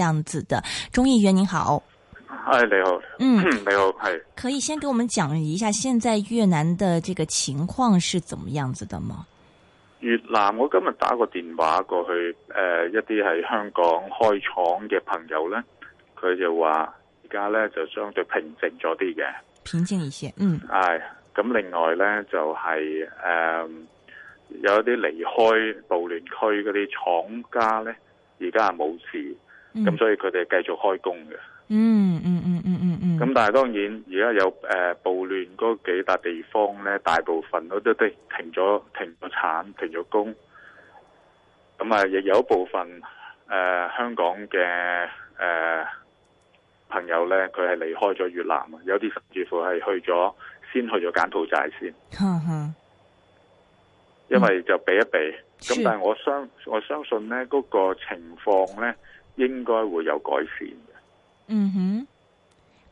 這樣子的，鍾議員您好，嗨你好，嗯，你好係，可以先給我們講一下現在越南的這個情況是怎麼樣子的嗎？越南我今日打個電話過去，誒、呃，一啲喺香港開廠嘅朋友呢佢就話而家呢就相對平靜咗啲嘅，平靜一些，嗯，係、哎，咁另外呢，就係、是、誒、呃、有一啲離開暴亂區嗰啲廠家呢，而家係冇事。咁、嗯、所以佢哋繼續開工嘅，嗯。嗯嗯嗯嗯嗯嗯。咁、嗯嗯、但係當然而家有誒暴亂嗰幾笪地方咧，大部分都都停咗停咗產停咗工。咁啊，亦有一部分誒、呃、香港嘅，誒、呃、朋友咧，佢係離開咗越南啊，有啲甚至乎係去咗先去咗柬埔寨先。哈哈。因為就避一避。咁但係我相我相信咧，嗰、嗰個情況咧。應該會有改善嘅。嗯哼，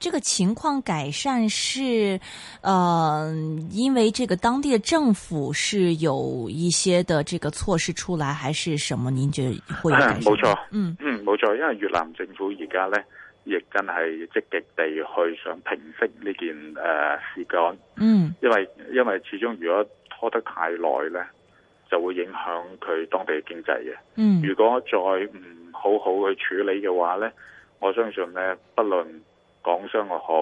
這個情況改善是，呃，因為這個當地的政府是有一些的這個措施出來，還是什麼？您覺得會有改善？啊，冇錯，嗯嗯，冇錯，因為越南政府而家咧亦真係積極地去想平息呢件誒事件。嗯，因為因為始終如果拖得太耐咧，就會影響佢當地嘅經濟嘅。嗯，如果再唔好好去處理嘅話呢，我相信呢，不論港商又好、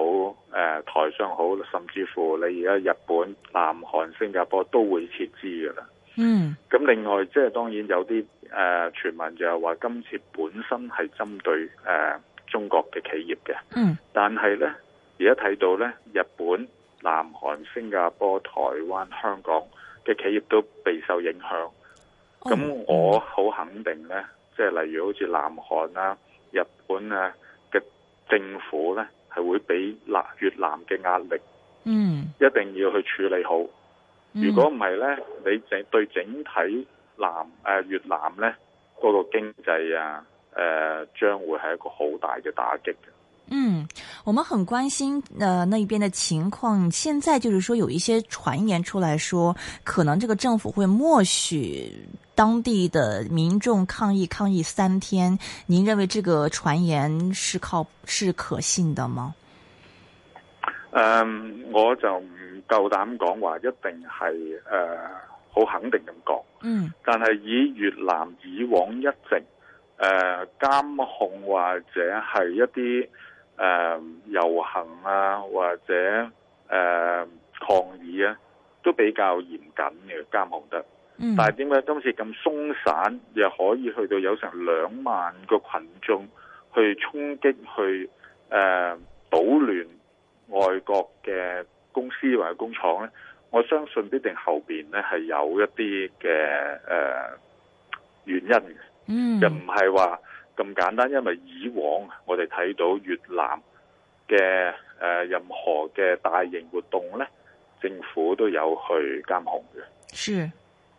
呃，台商好，甚至乎你而家日本、南韓、新加坡都會撤資噶啦。嗯。咁另外，即、就、係、是、當然有啲誒、呃、傳聞就係話，今次本身係針對、呃、中國嘅企業嘅。嗯。Mm. 但係呢，而家睇到呢，日本、南韓、新加坡、台灣、香港嘅企業都備受影響。咁我好肯定呢。Oh, no. 即係例如好似南韓啊、日本啊嘅政府咧，係會俾南越南嘅壓力，嗯，mm. 一定要去處理好。如果唔係咧，你整對整體南誒越南咧嗰、嗰個經濟啊誒，將會係一個好大嘅打擊嘅。嗯，我們很關心，呃那一邊的情況。現在就是說，有一些傳言出來說，可能這個政府會默許當地的民眾抗議抗議三天。您認為這個傳言是靠是可信的嗎？嗯我就唔夠膽講話，一定係誒好肯定咁講。嗯。但係以越南以往一直誒監控或者係一啲。誒，遊、呃、行啊，或者誒、呃、抗議啊，都比較嚴謹嘅監控得。嗯。但係點解今次咁鬆散，又可以去到有成兩萬個群眾去衝擊、去誒搗亂外國嘅公司或者工廠呢？我相信必定後邊呢係有一啲嘅誒原因嘅。嗯。又唔係話。咁簡單，因為以往我哋睇到越南嘅誒任何嘅大型活動咧，政府都有去監控嘅。是。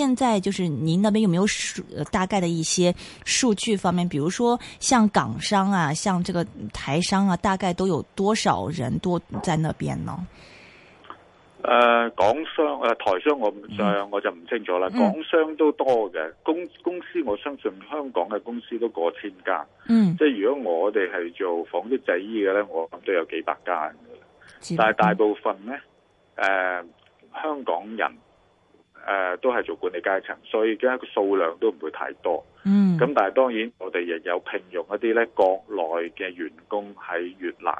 現在就是您那邊有沒有數大概的一些數據方面，比如說像港商啊，像這個台商啊，大概都有多少人多在那邊呢？誒、呃，港商誒台商我唔、呃、我就唔清楚啦。嗯、港商都多嘅，公公司我相信香港嘅公司都過千間。嗯，即係如果我哋係做紡織製衣嘅呢，我都有幾百間嘅。知道。但係大部分呢，誒、呃、香港人。誒、呃、都係做管理階層，所以而家個數量都唔會太多。嗯，咁但係當然，我哋亦有聘用一啲咧國內嘅員工喺越南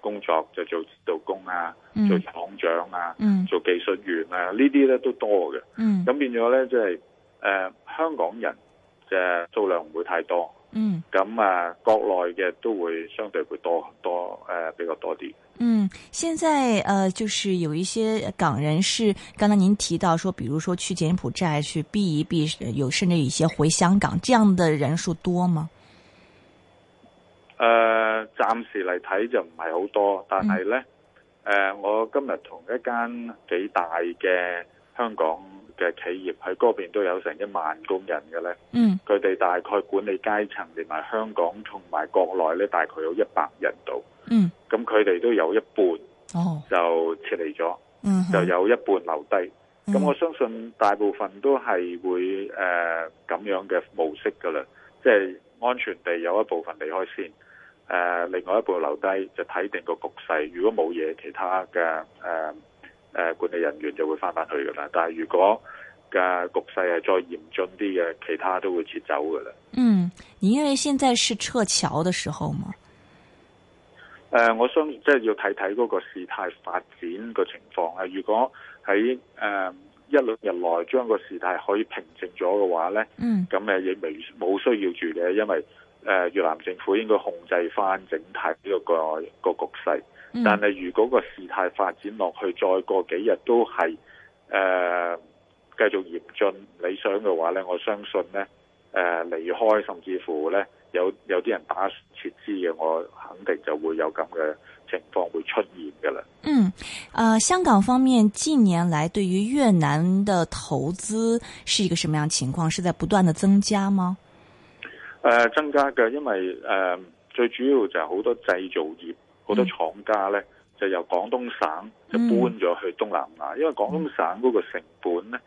工作，就做指導工啊，嗯、做廠長啊，嗯、做技術員啊，呢啲咧都多嘅。嗯，咁變咗咧、就係，即係誒香港人嘅數量唔會太多。嗯，咁啊，國內嘅都會相對會多多誒、呃，比較多啲。嗯，現在呃就是有一些港人是，剛才您提到說，比如說去柬埔寨去避一避，有甚至有一些回香港，這樣的人數多嗎？呃，暫時嚟睇就唔係好多，但係呢、嗯呃，我今日同一間幾大嘅香港。嘅企業喺嗰邊都有成一萬工人嘅咧，佢哋、嗯、大概管理階層連埋香港同埋國內咧，大概有一百人度。嗯，咁佢哋都有一半，就撤離咗，哦、就有一半留低。咁、嗯、哼我相信大部分都係會誒咁、呃、樣嘅模式㗎喇，即、就、係、是、安全地有一部分離開先，誒、呃、另外一部留低就睇定個局勢。如果冇嘢其他嘅誒。呃誒，管理人員就會翻返去噶啦。但係如果嘅局勢係再嚴峻啲嘅，其他都會撤走噶啦。嗯，你因為現在是撤僑嘅時候嘛。誒、呃,我想即係要睇睇嗰個事態發展個情況啊。如果喺誒、呃、一兩日內將個事態可以平靜咗嘅話咧，嗯，咁誒亦未冇需要住嘅，因為誒、呃、越南政府應該控制翻整體呢個個個局勢。但係如果個事態發展落去，再過幾日都係誒繼續嚴峻，不理想嘅話咧，我相信咧誒離開，甚至乎咧有有啲人打撤資嘅，我肯定就會有咁嘅情況會出現㗎喇。嗯，啊、呃，香港方面近年來對於越南的投資是一個什麼樣情況？是在不斷的增加嗎？誒、呃，增加嘅，因為誒、呃、最主要就係好多製造業。好多廠家咧就由廣東省就搬咗去東南亞，嗯、因為廣東省嗰個成本咧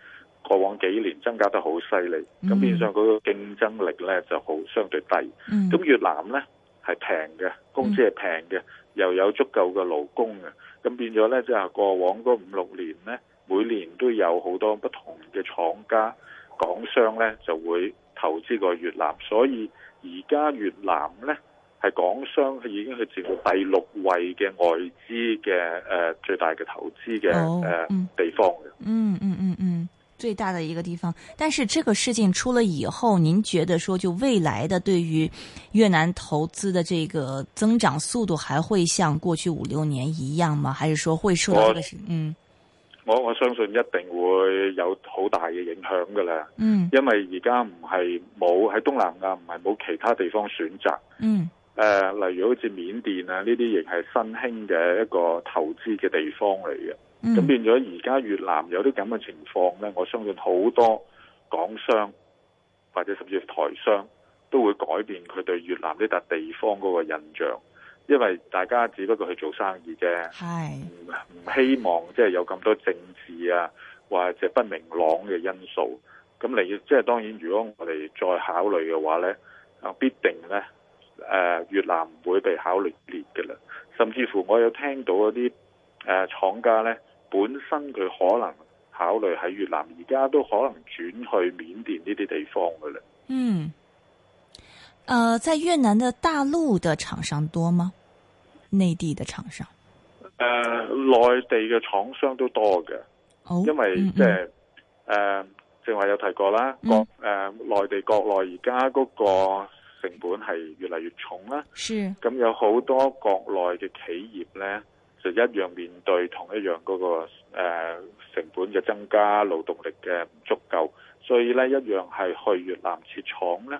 過往幾年增加得好犀利，咁、嗯、變相嗰個競爭力咧就好相對低。咁、嗯、越南咧係平嘅，工資係平嘅，嗯、又有足夠嘅勞工嘅，咁變咗咧即係過往嗰五六年咧，每年都有好多不同嘅廠家、港商咧就會投資過越南，所以而家越南咧，係港商已經去成為第六位嘅外資嘅誒、呃、最大嘅投資嘅誒地方嘅、嗯，嗯嗯嗯嗯，最大的一個地方。但是這個事情出了以後，您覺得說就未來的對於越南投資的這個增長速度還會像過去五六年一樣嗎？還是說會受到、這個？我嗯，我我相信一定會有好大嘅影響噶啦。嗯，因為而家唔係冇喺東南亞唔係冇其他地方選擇。嗯。誒、呃，例如好似緬甸啊，呢啲亦係新興嘅一個投資嘅地方嚟嘅。咁、mm. 變咗而家越南有啲咁嘅情況咧，我相信好多港商或者甚至台商都會改變佢對越南呢笪地方嗰個印象，因為大家只不過去做生意啫，唔唔、mm. 希望即係有咁多政治啊或者不明朗嘅因素。咁你要即係當然，如果我哋再考慮嘅話咧，啊，必定咧。誒、呃，越南唔會被考慮列嘅啦，甚至乎我有聽到嗰啲誒廠家咧，本身佢可能考慮喺越南，而家都可能轉去緬甸呢啲地方嘅啦。嗯，誒、呃，在越南嘅大陸嘅廠商多嗎？內地嘅廠商？誒、呃，內地嘅廠商都多嘅，哦，因為即係誒，正話、嗯嗯呃、有提過啦，國誒、嗯呃、內地國內而家嗰個。成本係越嚟越重啦，咁有好多國內嘅企業咧，就一樣面對同一樣嗰個誒成本嘅增加，勞動力嘅唔足夠，所以咧一樣係去越南設廠咧。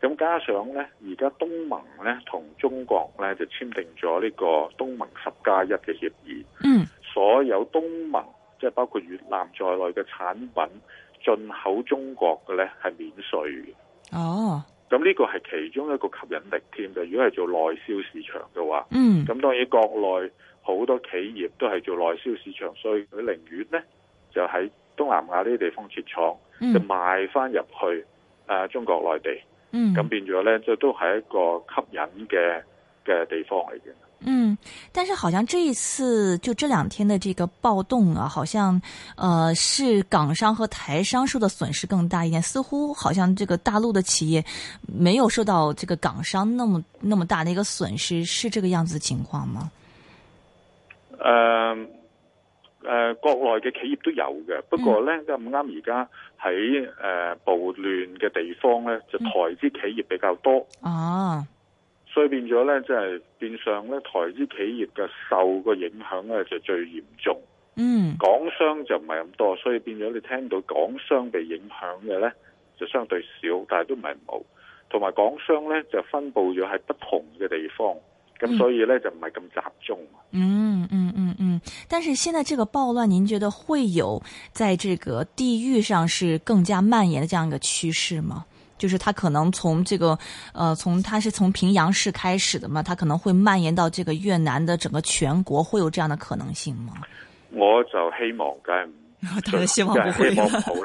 咁加上咧，而家東盟咧同中國咧就簽訂咗呢個東盟十加一嘅協議，嗯，所有東盟即係包括越南在內嘅產品進口中國嘅咧係免稅嘅，哦。咁呢個係其中一個吸引力添，就如果係做內銷市場嘅話，咁、嗯、當然國內好多企業都係做內銷市場，所以佢寧願呢就喺東南亞呢啲地方設廠，就賣翻入去誒中國內地，咁變咗呢，就都係一個吸引嘅嘅地方嚟嘅。嗯，但是好像這一次就這兩天的這個暴動啊，好像，呃，是港商和台商受的損失更大一點。似乎好像這個大陸的企業沒有受到這個港商那麼那麼大的一個損失，是這個樣子的情況嗎？呃，呃，國內嘅企業都有嘅，不過呢就咁啱，而家喺呃暴亂嘅地方呢，就台資企業比較多。啊、嗯嗯所以變咗咧，即係變相咧，台資企業嘅受個影響咧就最嚴重。嗯，港商就唔係咁多，所以變咗你聽到港商被影響嘅咧就相對少，但係都唔係冇。同埋港商咧就分布咗喺不同嘅地方，咁所以咧就唔係咁集中。嗯嗯嗯嗯，但是現在這個暴亂，您覺得會有在這個地域上是更加蔓延嘅這樣一個趨勢嗎？就是他可能從這個，呃，從他是從平陽市開始的嘛，他可能會蔓延到這個越南的整個全國，會有這樣的可能性嗎？我就希望梗係希望不會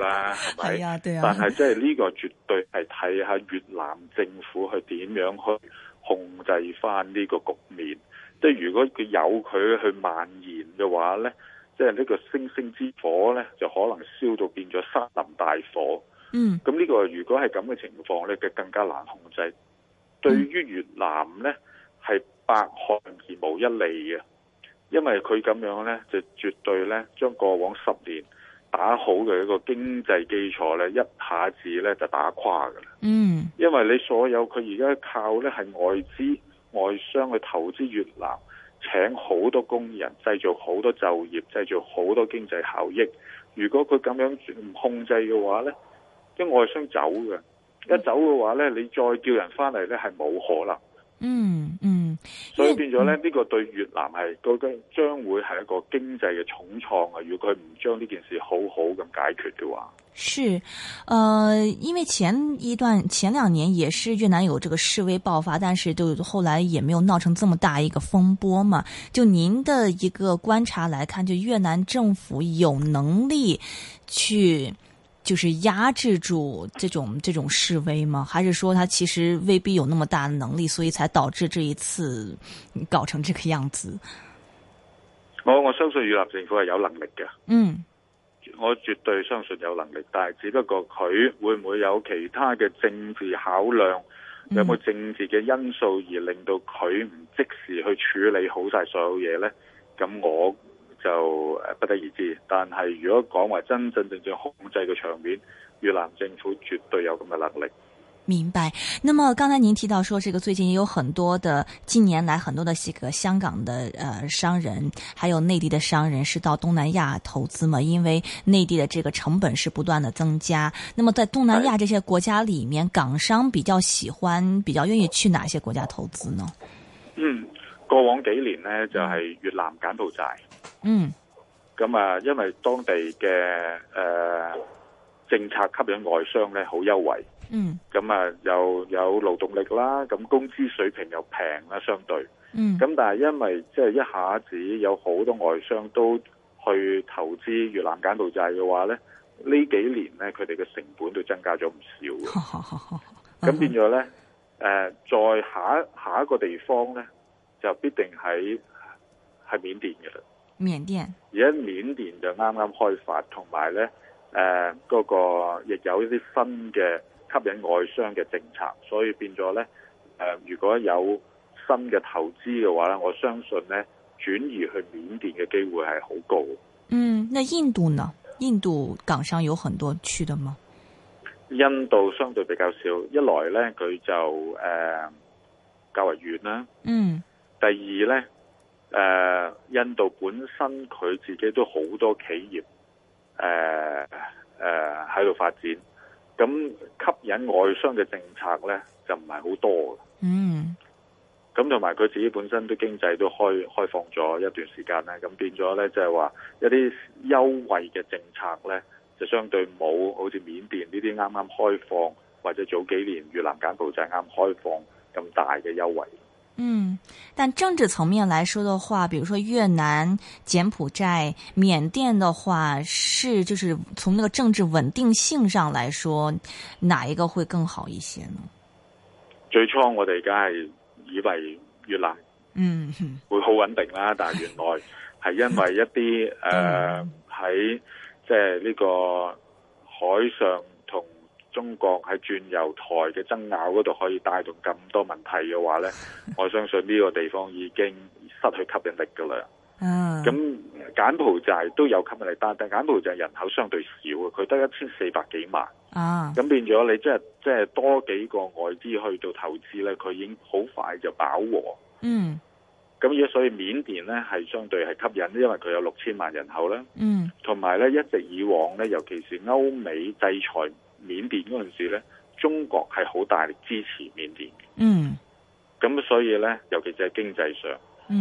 啦，係咪？ 啊，對啊。但係即係呢個絕對係睇下越南政府去點樣去控制翻呢個局面。即係如果佢有佢去蔓延嘅話咧，即係呢個星星之火咧，就可能燒到變咗森林大火。嗯，咁呢個如果係咁嘅情況咧，就更加難控制。對於越南咧，係百害而無一利嘅，因為佢咁樣咧就絕對咧將過往十年打好嘅一個經濟基礎咧，一下子咧就打垮噶啦。嗯，因為你所有佢而家靠咧係外資外商去投資越南，請好多工人，製造好多就業，製造好多經濟效益。如果佢咁樣唔控制嘅話咧？即我係想走嘅，一走嘅話咧，嗯、你再叫人翻嚟咧係冇可能。嗯嗯，嗯所以變咗咧，呢個對越南係都將將會係一個經濟嘅重創啊！如果佢唔將呢件事好好咁解決嘅話，是，誒、呃，因為前一段前兩年也是越南有這個示威爆發，但是就後來也沒有鬧成這麼大一個風波嘛。就您的一個觀察來看，就越南政府有能力去。就是壓制住這種這種示威嗎？還是說他其實未必有那麼大的能力，所以才導致這一次搞成這個樣子？我我相信越南政府係有能力嘅。嗯，我絕對相信有能力，但係只不過佢會唔會有其他嘅政治考量，有冇政治嘅因素而令到佢唔即時去處理好晒所有嘢咧？咁我。就不得而知，但係如果講話真真正正控制嘅場面，越南政府絕對有咁嘅能力。明白。那麼剛才您提到說，這個最近也有很多的近年來很多的這個香港的呃商人，還有內地的商人是到東南亞投資嘛，因為內地的這個成本是不斷的增加。那麼在東南亞這些國家裏面，是港商比較喜歡、比較願意去哪些國家投資呢？嗯，過往幾年呢，就係、是、越南、柬埔寨。嗯，咁啊，因為當地嘅誒、呃、政策吸引外商咧，好優惠。嗯，咁啊，又有勞動力啦，咁工資水平又平啦，相對嗯，咁但係，因為即係一下子有好多外商都去投資越南柬埔寨嘅話咧，呢幾年咧，佢哋嘅成本都增加咗唔少嘅。咁變咗咧，誒、呃，再下下一個地方咧，就必定喺係緬甸嘅啦。緬甸而家緬甸就啱啱開發，同埋呢誒，嗰、呃嗰個亦有啲新嘅吸引外商嘅政策，所以變咗呢。誒、呃，如果有新嘅投資嘅話咧，我相信呢轉移去緬甸嘅機會係好高。嗯，那印度呢？印度港商有很多去的嗎？印度相對比較少，一來呢佢就誒、呃、較為遠啦。嗯。第二呢。誒、呃，印度本身佢自己都好多企業誒誒喺度發展，咁吸引外商嘅政策咧就唔係好多。嗯，咁同埋佢自己本身都經濟都開開放咗一段時間啦，咁變咗咧就係話一啲優惠嘅政策咧就相對冇好似緬甸呢啲啱啱開放或者早幾年越南、柬埔寨啱啱開放咁大嘅優惠。嗯，但政治層面來說的話，比如說越南、柬埔寨、緬甸的話，是就是從那個政治穩定性上來說，哪一個會更好一些呢？最初我哋梗係以為越南，嗯，會好穩定啦，但係原來係因為一啲誒喺即係呢個海上。中國喺轉油台嘅爭拗嗰度可以帶動咁多問題嘅話呢，我相信呢個地方已經失去吸引力㗎喇。嗯，咁柬埔寨都有吸引力，但係柬埔寨人口相對少，佢得一千四百幾萬啊。咁變咗你即係即係多幾個外資去到投資呢，佢已經好快就飽和。嗯，咁而家所以緬甸呢係相對係吸引，因為佢有六千萬人口啦。嗯，同埋呢一直以往呢，尤其是歐美制裁。緬甸嗰陣時咧，中國係好大力支持緬甸嘅。嗯，咁所以咧，尤其就係經濟上，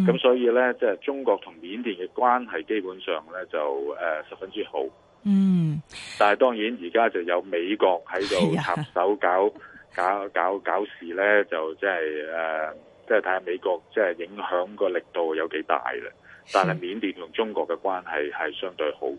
咁、嗯、所以咧，即、就、係、是、中國同緬甸嘅關係基本上咧就誒、呃、十分之好。嗯，但係當然而家就有美國喺度插手搞、啊、搞搞搞事咧，就即係誒，即係睇下美國即係影響個力度有幾大啦。是但係緬甸同中國嘅關係係相對好嘅。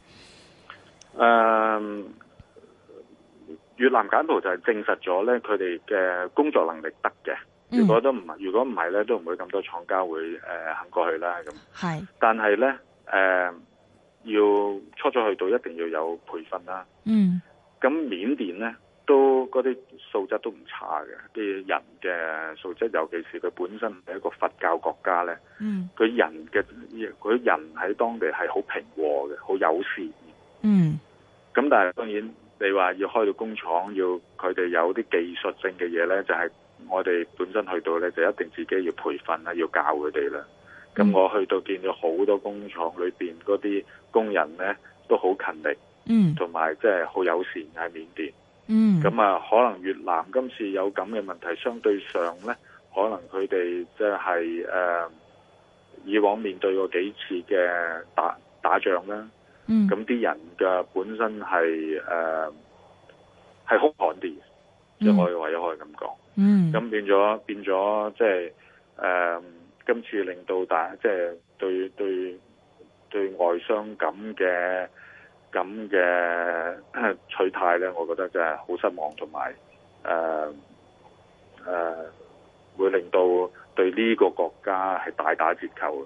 誒，uh, 越南柬埔寨證實咗咧，佢哋嘅工作能力得嘅，嗯。如果都唔係，如果唔係咧，都唔會咁多廠家會誒、呃、行過去啦。咁係，是但係咧，誒、呃，要出咗去到一定要有培訓啦。嗯，咁緬甸咧都嗰啲素質都唔差嘅，啲人嘅素質，尤其是佢本身係一個佛教國家咧。嗯，佢人嘅佢人喺當地係好平和嘅，好友善。嗯。咁但係當然，你話要開到工廠，要佢哋有啲技術性嘅嘢咧，就係我哋本身去到咧，就一定自己要培訓啦，要教佢哋啦。咁我去到見到好多工廠裏面嗰啲工人咧，都好勤力，嗯，同埋即係好友善喺緬甸，嗯。咁啊，可能越南今次有咁嘅問題，相對上咧，可能佢哋即係誒以往面對過幾次嘅打打仗啦。咁啲人嘅本身係誒係凶悍啲，即係可以為咗可以咁講。咁，嗯、變咗變咗，即係誒今次令到大家，即、就、係、是、對對對外傷感嘅咁嘅取態咧，我覺得真係好失望，同埋誒誒會令到對呢個國家係大打折扣啊。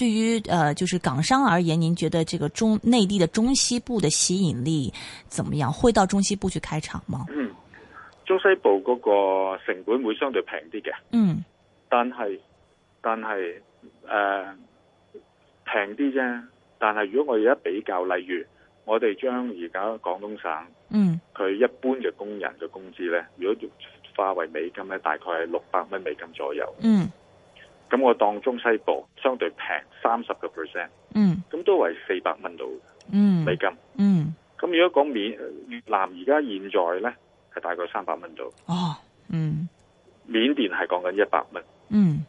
對於，呃，就是港商而言，您覺得這個中內地的中西部的吸引力怎麼樣？會到中西部去開廠嗎？嗯，中西部嗰個成本會相對平啲嘅。嗯，但係，但係，誒、呃，平啲啫。但係如果我而家比較，例如我哋將而家廣東省，嗯，佢一般嘅工人嘅工資咧，如果化為美金咧，大概係六百蚊美金左右。嗯。咁我當中西部相對平三十個 percent，咁都為四百蚊度，美金。咁、嗯嗯、如果講緬越南而家現在呢，係大概三百蚊度。哦，嗯，緬甸係講緊一百蚊。嗯，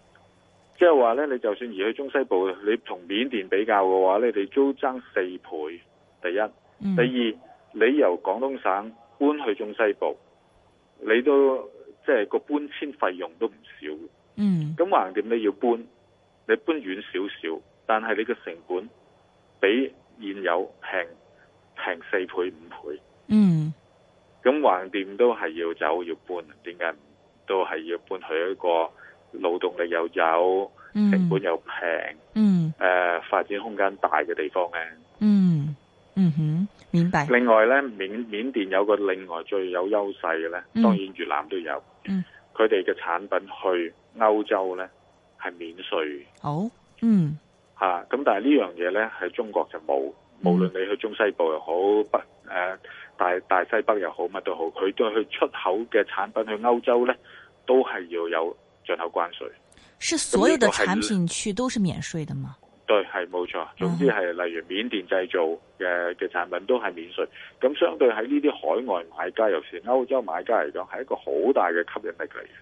即係話呢，你就算移去中西部，你同緬甸比較嘅話你你租爭四倍。第一，嗯、第二，你由廣東省搬去中西部，你都即係、就是、個搬遷費用都唔少。嗯，咁橫掂你要搬，你搬遠少少，但係你嘅成本比現有平平四倍五倍。嗯，咁橫掂都係要走要搬，點解都係要搬去一個勞動力又有、嗯、成本又平，嗯，誒、呃，發展空間大嘅地方咧。嗯，嗯哼，明白。另外咧，緬緬甸有個另外最有優勢嘅咧，嗯、當然越南都有。嗯，佢哋嘅產品去。歐洲咧係免稅，好、oh, 嗯咁、啊、但係呢樣嘢咧喺中國就冇，嗯、無論你去中西部又好北、呃、大大西北又好乜都好，佢都去出口嘅產品去歐洲咧都係要有進口關稅。是所有的產品去都是免稅的嗎？嗯、對，係冇錯。總之係、嗯、例如緬甸製造嘅嘅產品都係免稅。咁相對喺呢啲海外買家入邊，尤其歐洲買家嚟講係一個好大嘅吸引力嚟嘅。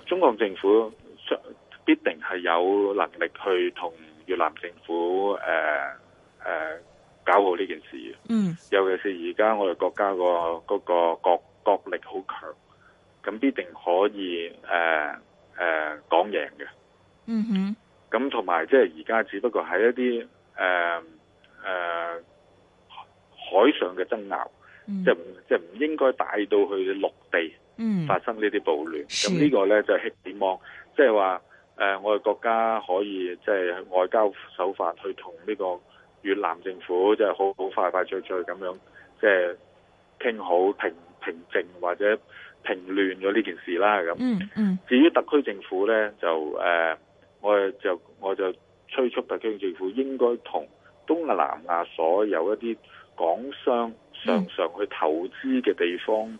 中國政府必定係有能力去同越南政府誒誒、呃呃、搞好呢件事嘅。嗯，尤其是而家我哋國家個嗰個國，國力好強，咁必定可以誒誒講贏嘅。嗯哼，咁同埋即係而家只不過係一啲誒誒海上嘅爭拗，即係即係唔應該帶到去陸地。嗯，發生呢啲暴亂，咁、嗯、呢個咧就希、是、望，即係話，誒、呃，我哋國家可以即係、就是、外交手法去同呢個越南政府，即係好好快快脆脆咁樣，即係傾好平平靜或者平亂咗呢件事啦。咁、嗯，嗯嗯，至於特區政府咧，就誒、呃，我誒就我就催促特區政府應該同東南亞所有一啲港商常常去投資嘅地方。嗯嗯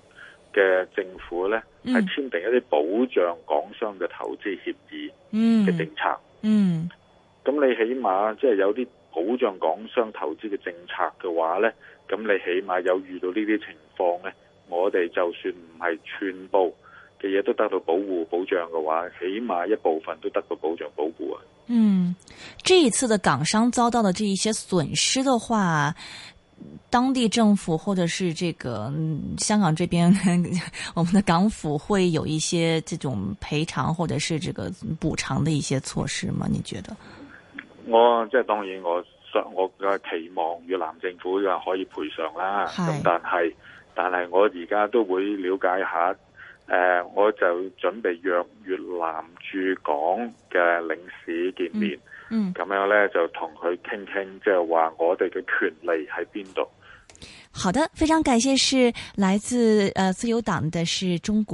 嘅政府呢，係簽訂一啲保障港商嘅投資協議嘅政策。嗯，咁、嗯、你起碼即係有啲保障港商投資嘅政策嘅話呢，咁你起碼有遇到這些況、呢啲情況呢，我哋就算唔係全部嘅嘢都得到保護保障嘅話，起碼一部分都得到保障保護啊。嗯，這一次的港商遭到的這一些損失的話。當地政府或者是這個、嗯、香港這邊我們的港府會有一些這種賠償或者是這個補償的一些措施嗎？你覺得？我即係當然我，我我期望越南政府可以賠償啦。咁是但係但係我而家都會了解下，誒、呃，我就準備約越南駐港嘅領事見面。嗯。嗯，咁樣咧就同佢傾傾，即係話我哋嘅權利喺邊度？好的，非常感謝，是來自誒、呃、自由黨的鍾國斌。